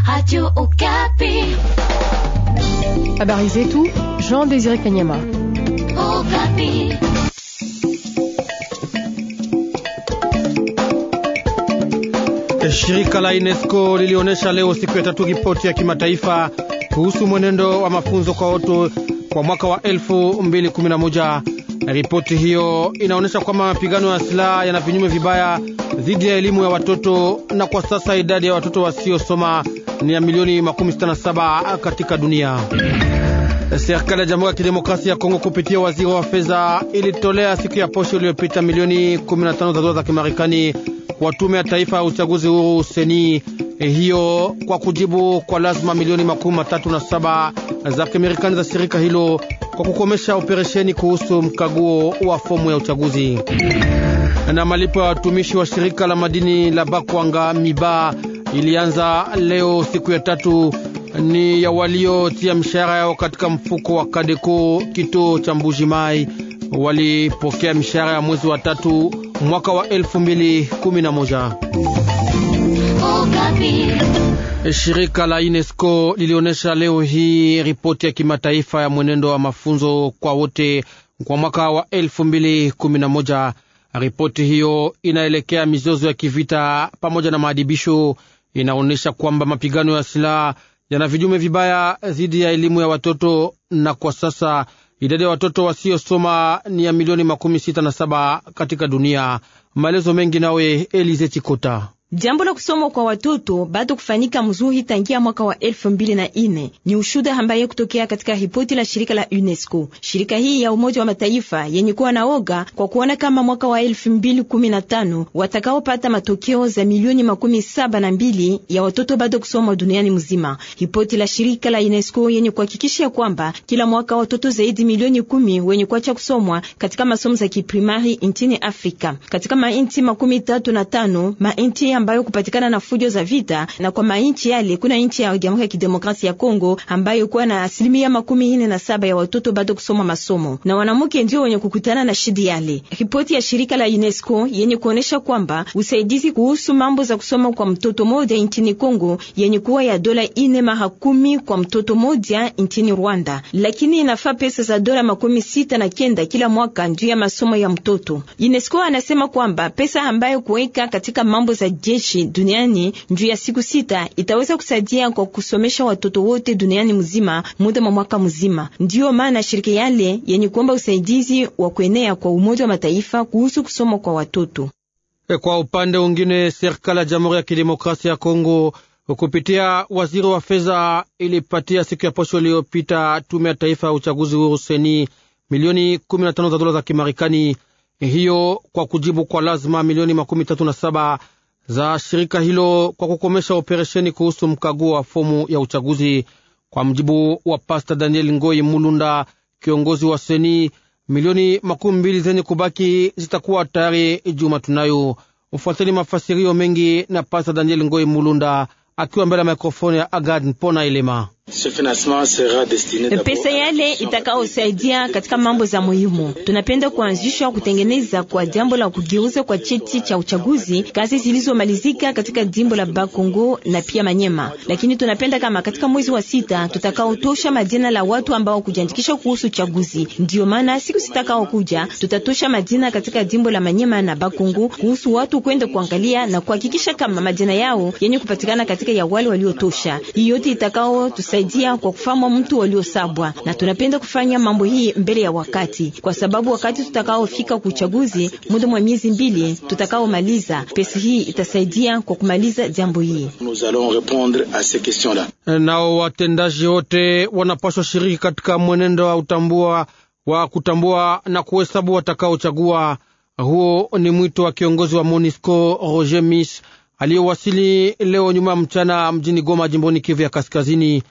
Radio Okapi. Habari zetu Jean Désiré Kanyama. Okapi. Shirika la UNESCO lilionyesha leo siku ya tatu ripoti ya kimataifa kuhusu mwenendo wa mafunzo kwa watu kwa mwaka wa 2011. Ripoti hiyo inaonyesha kwamba mapigano ya silaha yana vinyume vibaya dhidi ya elimu ya watoto na kwa sasa idadi ya watoto wasiosoma ni ya milioni makumi sita na saba katika dunia. Serikali ya Jamhuri ya Kidemokrasia ya Kongo kupitia waziri wa fedha ilitolea siku ya posho iliyopita milioni 15 za dola za Kimarekani kwa tume ya taifa ya uchaguzi huru seni eh, hiyo, kwa kujibu kwa lazima milioni makumi matatu na saba za Kimarekani za shirika hilo kwa kukomesha operesheni kuhusu mkaguo wa fomu ya uchaguzi na malipo ya watumishi wa shirika la madini la Bakwanga mibaa ilianza leo siku ya tatu, ni ya waliotia mishahara yao katika mfuko wa Kadeko kituo cha Mbuji Mai. Walipokea mishahara ya mwezi wa tatu mwaka wa elfu mbili kumi na moja. Shirika la UNESCO lilionyesha leo hii ripoti ya kimataifa ya mwenendo wa mafunzo kwa wote kwa mwaka wa elfu mbili kumi na moja. Ripoti hiyo inaelekea mizozo ya kivita pamoja na maadibisho inaonyesha kwamba mapigano ya silaha yana vijume vibaya dhidi ya elimu ya watoto, na kwa sasa idadi ya watoto wasiosoma ni ya milioni makumi sita na saba katika dunia. Maelezo mengi nawe Elize Chikota. Jambo la kusoma kwa watoto bado kufanyika mzuri tangia mwaka wa elfu mbili na ine ni ushuda ambaye kutokea katika ripoti la shirika la UNESCO. Shirika hii ya Umoja wa Mataifa yenye kuwa na oga kwa kuona kama mwaka wa elfu mbili kumi na tano watakaopata matokeo za milioni makumi saba na mbili ya watoto bado kusoma duniani mzima. Ripoti la shirika la UNESCO yenye kuhakikisha kwamba kila mwaka watoto zaidi milioni kumi wenye kuacha kusomwa katika masomo za kiprimari nchini Afrika katika mainti makumi tatu na tano mainti ya ambayo kupatikana na fujo za vita, na kwa mainchi yale kuna nchi ya Jamhuri ya Kidemokrasia ya Kongo ambayo kuwa na asilimia makumi nne na saba ya watoto bado kusoma masomo na wanawake ndio wenye kukutana na shida yale. Ripoti ya shirika la UNESCO yenye kuonesha kwamba usaidizi kuhusu mambo za kusoma kwa mtoto moja nchini Kongo yenye kuwa ya dola ine maha kumi kwa mtoto moja nchini Rwanda, lakini inafaa pesa za dola makumi sita na kenda kila mwaka juu ya masomo ya mtoto. UNESCO anasema kwamba pesa ambayo kuweka katika mambo za jeshi duniani juu ya siku sita itaweza kusaidia kwa kusomesha watoto wote duniani mzima muda wa mwaka mzima. Ndiyo maana shirika yale yenye kuomba usaidizi wa kuenea kwa Umoja wa Mataifa kuhusu kusoma kwa watoto. E, kwa upande mwingine, serikali ya Jamhuri ya Kidemokrasia ya Kongo kupitia waziri wa fedha ilipatia siku ya posho iliyopita tume ya taifa ya uchaguzi huru seni milioni 15 za dola za Kimarekani, e, hiyo kwa kujibu kwa lazima milioni makumi tatu na saba za shirika hilo kwa kukomesha operesheni kuhusu mkaguo wa fomu ya uchaguzi. Kwa mjibu wa Pasta Daniel Ngoi Mulunda, kiongozi wa Seni, milioni makumi mbili zenye kubaki zitakuwa tayari juma tunayo. Mfuateni mafasirio mengi na Pasta Daniel Ngoi Mulunda akiwa mbele ya mikrofoni ya Agad Mpona Ilema. Pesa yale itakayosaidia katika mambo za muhimu. Tunapenda kuanzisha kutengeneza kwa jambo la kugeuza kwa cheti cha uchaguzi kazi zilizomalizika katika jimbo la Bakongo na pia Manyema, lakini tunapenda kama katika mwezi wa sita tutakaotosha majina la watu ambao kujiandikisha kuhusu uchaguzi. Ndiyo maana siku zitakaokuja tutatosha majina katika jimbo la Manyema na Bakongo kuhusu watu kwenda kuangalia na kuhakikisha kama majina yao yenye kupatikana katika ya wale waliotosha. Hiyo yote itakao kusaidia kwa kufama mtu waliosabwa, na tunapenda kufanya mambo hii mbele ya wakati, kwa sababu wakati tutakaofika kuchaguzi, muda mwa miezi mbili tutakaomaliza, pesa hii itasaidia kwa kumaliza jambo hii. Eh, nao watendaji wote wanapaswa shiriki katika mwenendo wa utambua wa kutambua na kuhesabu watakaochagua. Huo ni mwito wa kiongozi wa MONUSCO Roger Mis aliyowasili leo nyuma mchana mjini Goma, jimboni Kivu ya Kaskazini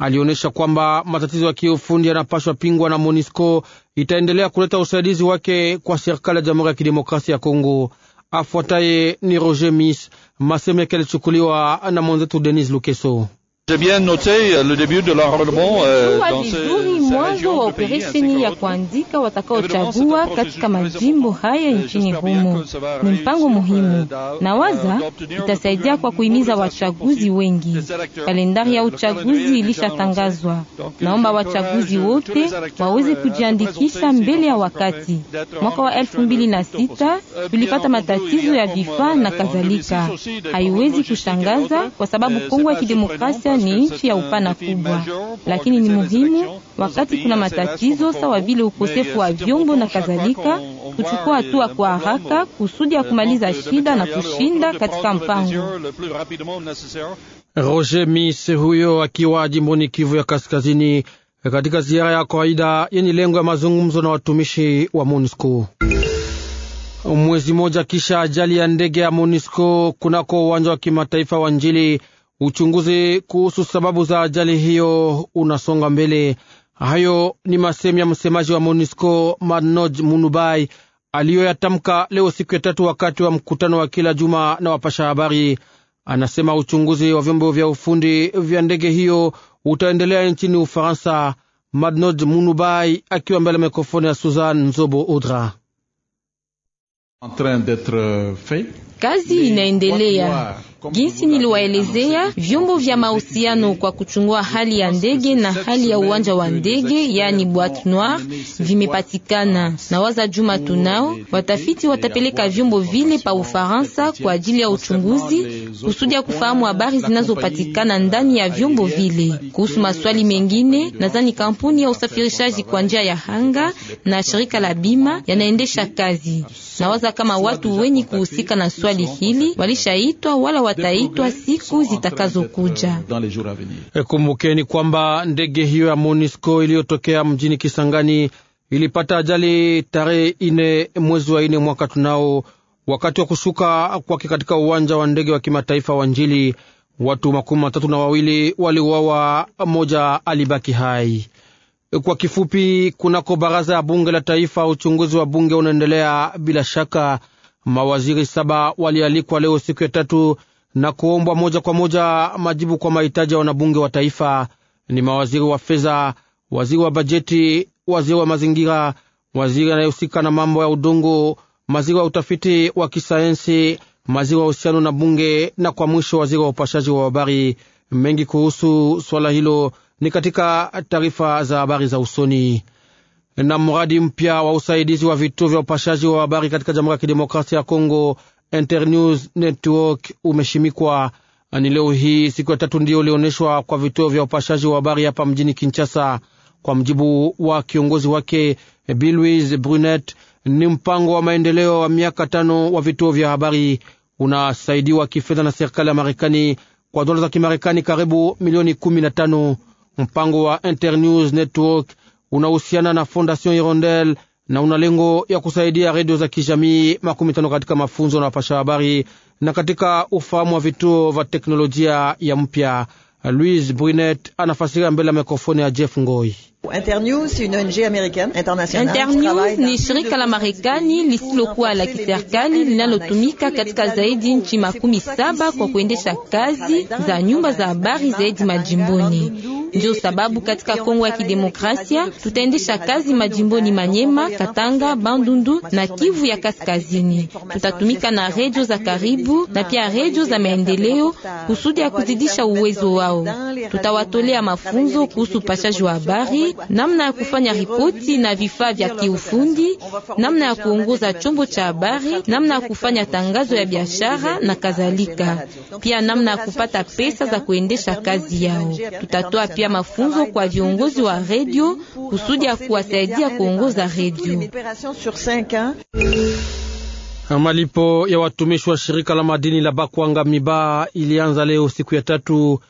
alionyesha kwamba matatizo ya kiufundi yanapashwa pingwa na MONUSCO itaendelea kuleta usaidizi wake kwa serikali ya Jamhuri ya Kidemokrasia ya Kongo. Afuataye ni Roger Mis maseme yake yalichukuliwa na mwenzetu Denis Lukeso. J'ai bien noté euh, le début de leur euh, rebond dans vizuri mwanzo wa operesheni ya kuandika watakaochagua katika majimbo haya nchini humo. Ni mpango euh, muhimu na waza itasaidia kwa kuhimiza wachaguzi wengi. Kalendari ya uchaguzi ilishatangazwa. Naomba wachaguzi wote waweze kujiandikisha mbele ya wakati. Mwaka wa elfu mbili na sita tulipata matatizo ya vifaa na kadhalika. Haiwezi kushangaza kwa sababu Kongo ya kidemokrasia ni nchi ya upana kubwa, lakini ni muhimu wakati kuna matatizo sawa vile ukosefu wa euh, vyombo na kadhalika, kuchukua hatua kwa haraka kusudi ya kumaliza shida na kushinda katika mpango. Roger Mise huyo akiwa jimboni Kivu ya Kaskazini katika ziara ya kawaida yenye lengo ya mazungumzo na watumishi wa MONUSCO. Mwezi mmoja kisha ajali ya ndege ya MONUSCO kunako uwanja wa kimataifa wa Njili, Uchunguzi kuhusu sababu za ajali hiyo unasonga mbele. Hayo ni masemu ya msemaji wa MONUSCO Manoj Munubai aliyoyatamka leo siku ya tatu wakati wa mkutano wa kila juma na wapasha habari. Anasema uchunguzi wa vyombo vya ufundi vya ndege hiyo utaendelea nchini Ufaransa. Manoj Munubai akiwa mbele mikrofoni ya Suzan Nzobo udra Kazi inaendelea Jinsi niliwaelezea, vyombo vya mahusiano kwa kuchungua hali ya ndege na hali ya uwanja wa ndege, yani boîte noire, vimepatikana na waza juma tunao watafiti watapeleka vyombo vile pa Ufaransa kwa ajili ya uchunguzi kusudi ya kufahamu habari zinazopatikana ndani ya vyombo vile. Kuhusu maswali mengine, nadhani kampuni ya usafirishaji kwa njia ya hanga na shirika la bima yanaendesha kazi. Nawaza kama watu wenye kuhusika na swali hili walishaitwa wala wataitwa siku zitakazokuja. Eh, kumbukeni kwamba ndege hiyo ya MONUSCO iliyotokea mjini Kisangani ilipata ajali tarehe ine mwezi wa ine mwaka tunao, wakati wa kushuka kwake katika uwanja wa ndege wa kimataifa wa Njili. Watu makumi matatu na wawili waliuawa, moja alibaki hai. Kwa kifupi, kunako baraza ya bunge la taifa, uchunguzi wa bunge unaendelea bila shaka. Mawaziri saba walialikwa leo siku ya tatu na kuombwa moja kwa moja majibu kwa mahitaji ya wanabunge wa taifa ni mawaziri wa fedha, waziri wa bajeti, waziri wa mazingira, waziri anayehusika na mambo ya udongo, waziri wa utafiti wa kisayansi, waziri wa uhusiano na bunge na kwa mwisho waziri wa upashaji wa habari. Mengi kuhusu swala hilo ni katika taarifa za habari za usoni. Na mradi mpya wa usaidizi wa vituo vya upashaji wa habari katika Jamhuri ya Kidemokrasia ya Kongo Internews Network umeshimikwa ni leo hii siku ya tatu ndiyo ulioneshwa kwa vituo vya upashaji wa habari hapa mjini Kinshasa. Kwa mjibu wa kiongozi wake Bilwis Brunet, ni mpango wa maendeleo wa miaka tano wa vituo vya habari unasaidiwa kifedha na serikali ya Marekani kwa dola za Kimarekani karibu milioni kumi na tano. Mpango wa Internews Network unahusiana na Fondation Hirondelle na una lengo ya kusaidia redio za kijamii makumi tano katika mafunzo na wapasha habari na katika ufahamu wa vituo vya teknolojia ya mpya. Louise Brunet anafasiria mbele ya mikrofoni ya Jeff Ngoi. Internews, c'est une ONG américaine internationale. Internews ni shirika la Marekani lisilokuwa la kiserikali linalotumika katika zaidi nchi makumi saba kwa kuendesha kazi za nyumba za habari zaidi majimboni. Ndio sababu katika Kongo ya Kidemokrasia tutaendesha kazi majimboni Manyema, Katanga, Bandundu na Kivu ya Kaskazini. Tutatumika na redio za karibu na pia redio za maendeleo kusudi ya kuzidisha uwezo wao. Tutawatolea mafunzo kuhusu pashaji wa habari namna ya kufanya ripoti na vifaa vya kiufundi, namna ya kuongoza chombo cha habari, namna ya kufanya tangazo ya biashara na kadhalika, pia namna ya kupata pesa za kuendesha kazi yao. Tutatoa pia mafunzo kwa viongozi wa redio kusudi ya kuwasaidia kuongoza redio. Malipo ya watumishi wa shirika la madini la Bakwanga Miba ilianza leo siku ya tatu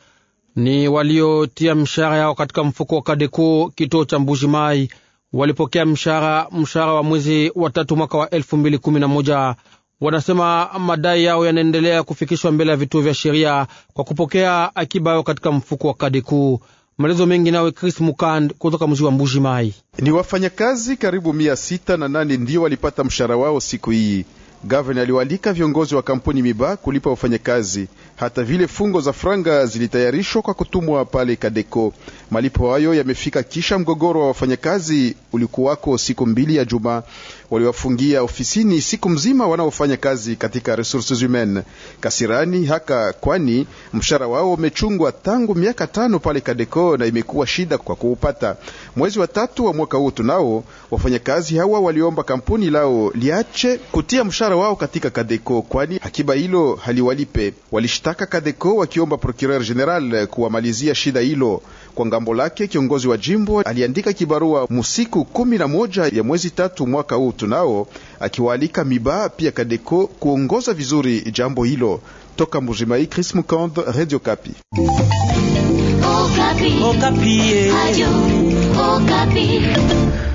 ni waliotia mshahara yao katika mfuko wa Kadeko kituo cha Mbuji Mai walipokea mshahara mshahara wa mwezi wa tatu mwaka wa elfu mbili kumi na moja. Wanasema madai yao yanaendelea kufikishwa mbele ya vituo vya sheria kwa kupokea akiba yao katika mfuko wa Kadeko. Maelezo mengi nawe Chris Mukand kutoka mji wa Mbuji Mai. Ni wafanyakazi karibu mia sita na nane ndio walipata mshahara wao siku hii. Gavana aliwaalika viongozi wa kampuni Miba kulipa wafanyakazi. Hata vile fungo za franga zilitayarishwa kwa kutumwa pale Kadeko. Malipo hayo yamefika kisha mgogoro wa wafanyakazi ulikuwako siku mbili ya juma waliwafungia ofisini siku mzima wanaofanya kazi katika resources humaine Kasirani haka, kwani mshahara wao umechungwa tangu miaka tano pale Kadeko na imekuwa shida kwa kuupata. Mwezi wa tatu wa mwaka huu tunao wafanyakazi hawa waliomba kampuni lao liache kutia mshahara wao katika Kadeko, kwani akiba hilo haliwalipe. Walishtaka Kadeko wakiomba procureur general kuwamalizia shida hilo. Kwa ngambo lake, kiongozi wa jimbo aliandika kibarua musiku kumi na moja ya mwezi tatu mwaka huu wazito nao, akiwaalika Miba pia Kadeko kuongoza vizuri jambo hilo. Toka Mbujimai, Chris Mukand, Radio Kapi. Okapi. Okapi. Ayu, Okapi. Eh.